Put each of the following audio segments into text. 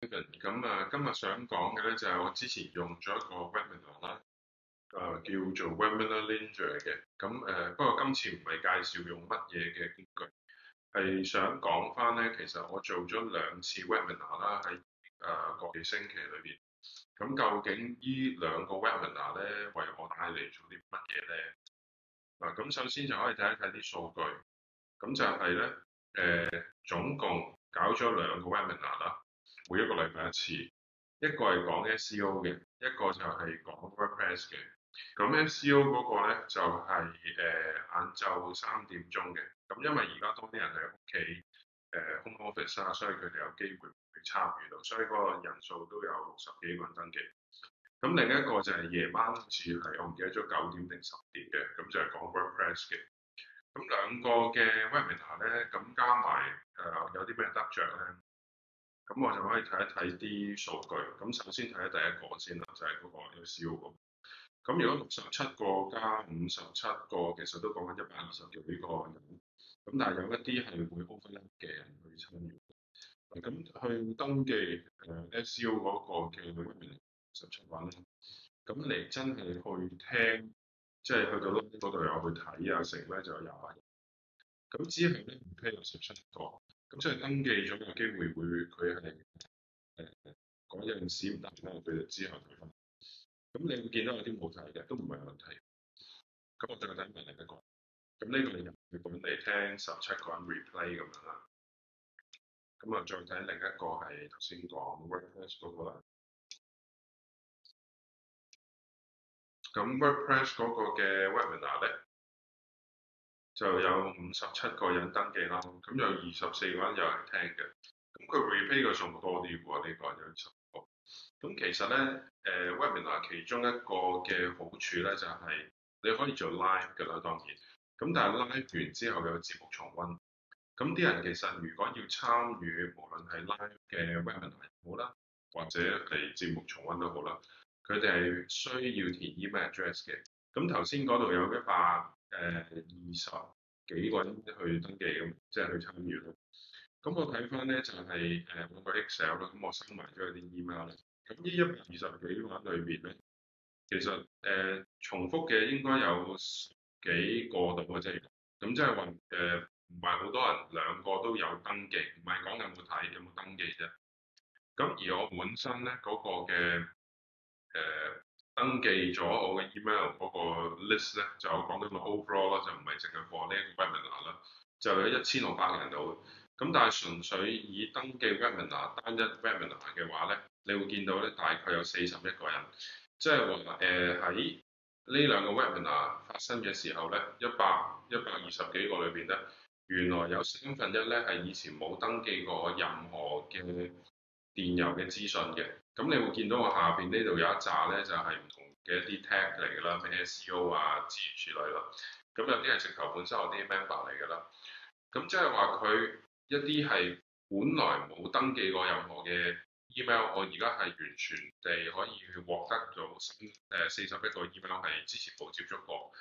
咁啊，今日想講嘅咧就係我之前用咗一個 webinar 啦、呃，誒叫做 webinar linger 嘅。咁誒、呃，不過今次唔係介紹用乜嘢嘅工具，係想講翻咧，其實我做咗兩次 webinar 啦，喺誒個幾星期裏邊。咁究竟呢兩個 webinar 咧，為我帶嚟咗啲乜嘢咧？嗱、啊，咁首先就可以睇一睇啲數據。咁就係咧，誒、呃，總共搞咗兩個 webinar 啦。每一個禮拜一次，一個係講 SEO 嘅，一個就係講 WordPress 嘅。咁 SEO 嗰個咧就係誒晏晝三點鐘嘅。咁因為而家多啲人、呃、喺屋企誒 home office 啊，所以佢哋有機會去參與到，所以嗰個人數都有六十幾個人登記。咁另一個就係夜晚，好似係我唔記得咗九點定十點嘅，咁就係講 WordPress 嘅。咁兩個嘅 webinar 咧，咁加埋誒、呃、有啲咩得着咧？咁我就可以睇一睇啲數據。咁首先睇下第一個先啦，就係、是、嗰個 S.U. 咁、那個。咁如果六十七個加五十七個，其實都講緊一百二十幾個人。咁但係有一啲係會 offline 嘅人去參與。咁去登記、呃、S.U. 嗰個嘅六十七個。咁你真係去聽，即、就、係、是那個、去到嗰度又去睇啊成咧就有啊。咁只係咧唔聽六十七個。咁、嗯、即係登記咗有機會會佢係誒嗰陣時唔得，咁佢就之後退翻。咁你會見到有啲冇睇嘅，都唔係問題。咁我等再睇另一個。咁呢、嗯、這個你咁、嗯、你聽十七個人 replay 咁樣啦，咁啊，再睇另一個係頭先講 WordPress 嗰個啦。咁 WordPress 嗰個嘅 webinar 咧？就有五十七個人登記啦，咁有二十四個人有人聽嘅，咁佢 repeat 嘅數目多啲喎，呢個有十個。咁其實咧，誒、呃、webinar 其中一個嘅好處咧就係你可以做 live 噶啦，當然。咁但係 live 完之後有節目重溫。咁啲人其實如果要參與，無論係 live 嘅 webinar 好啦，或者係節目重溫都好啦，佢哋係需要填 email address 嘅。咁頭先嗰度有一百。誒、嗯、二十幾個人去登記咁，即係去參與咯。咁、嗯、我睇翻咧就係誒用個 Excel 啦、嗯，咁我收埋咗啲 email、嗯。咁呢一百二十幾個人裏邊咧，其實誒、嗯、重複嘅應該有幾個度嘅啫。咁即係話誒，唔係好多人兩個都有登記，唔係講有冇睇，有冇登記啫。咁、嗯、而我本身咧嗰、那個嘅誒。嗯登記咗我嘅 email 嗰個 list 咧，就講緊個 overall 啦，就唔係淨係過呢一個 webinar 啦，就有一千六百人度。咁但係純粹以登記 webinar 單一 webinar 嘅話咧，你會見到咧大概有四十一個人，即係話誒喺呢兩個 webinar 發生嘅時候咧，一百一百二十幾個裏邊咧，原來有四分一咧係以前冇登記過任何嘅電郵嘅資訊嘅，咁你會見到我下邊呢度有一扎咧，就係、是、唔同嘅一啲 tag 嚟㗎啦，咩 SEO 啊，諸如此類啦，咁有啲人直頭本身我啲 member 嚟㗎啦，咁即係話佢一啲係本來冇登記過任何嘅 email，我而家係完全地可以去獲得到，誒四十一個 email 係之前冇接觸過，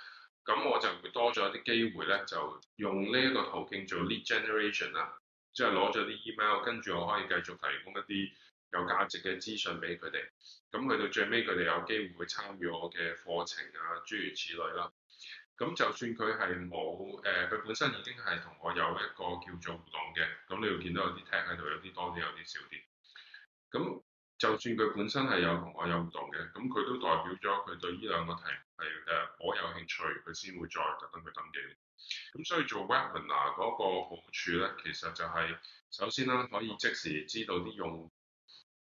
咁我就多會多咗一啲機會咧，就用呢一個途徑做 lead generation 啦。即係攞咗啲 email，跟住我可以繼續提供一啲有價值嘅資訊俾佢哋。咁去到最尾，佢哋有機會會參與我嘅課程啊，諸如此類啦。咁就算佢係冇誒，佢、呃、本身已經係同我有一個叫做互動嘅。咁你會見到有啲踢喺度，有啲多啲，有啲少啲。咁就算佢本身係有同我有互動嘅，咁佢都代表咗佢對呢兩個題。係誒，我有興趣，佢先會再特登去登記。咁所以做 Webinar 嗰個好處咧，其實就係首先啦，啊，可以即時知道啲用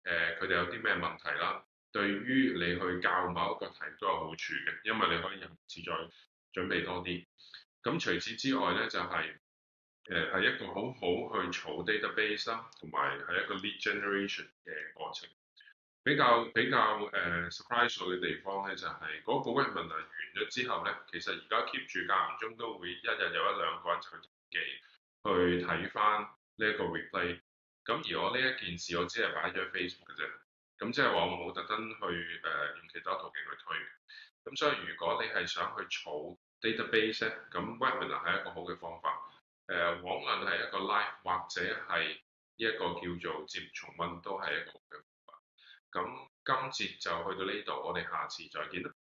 誒，佢哋有啲咩問題啦。對於你去教某一個題都有好處嘅，因為你可以有次再準備多啲。咁除此之外咧，就係誒，係一個好好去儲 database 啦，同埋係一個 lead generation 嘅過程。比較比較誒 surprise 嘅地方咧，就係嗰個 webinar 完咗之後咧，其實而家 keep 住間唔中都會一日有一兩個人趁機去睇翻呢一個 reply。咁而我呢一件事，我只係擺咗 Facebook 嘅啫。咁即係話我冇特登去誒用、呃、其他途徑去推。咁所以如果你係想去儲 database 咁 webinar 係一個好嘅方法。誒網銀係一個 live，或者係呢一個叫做接重温都係一個咁今次就去到呢度，我哋下次再見啦。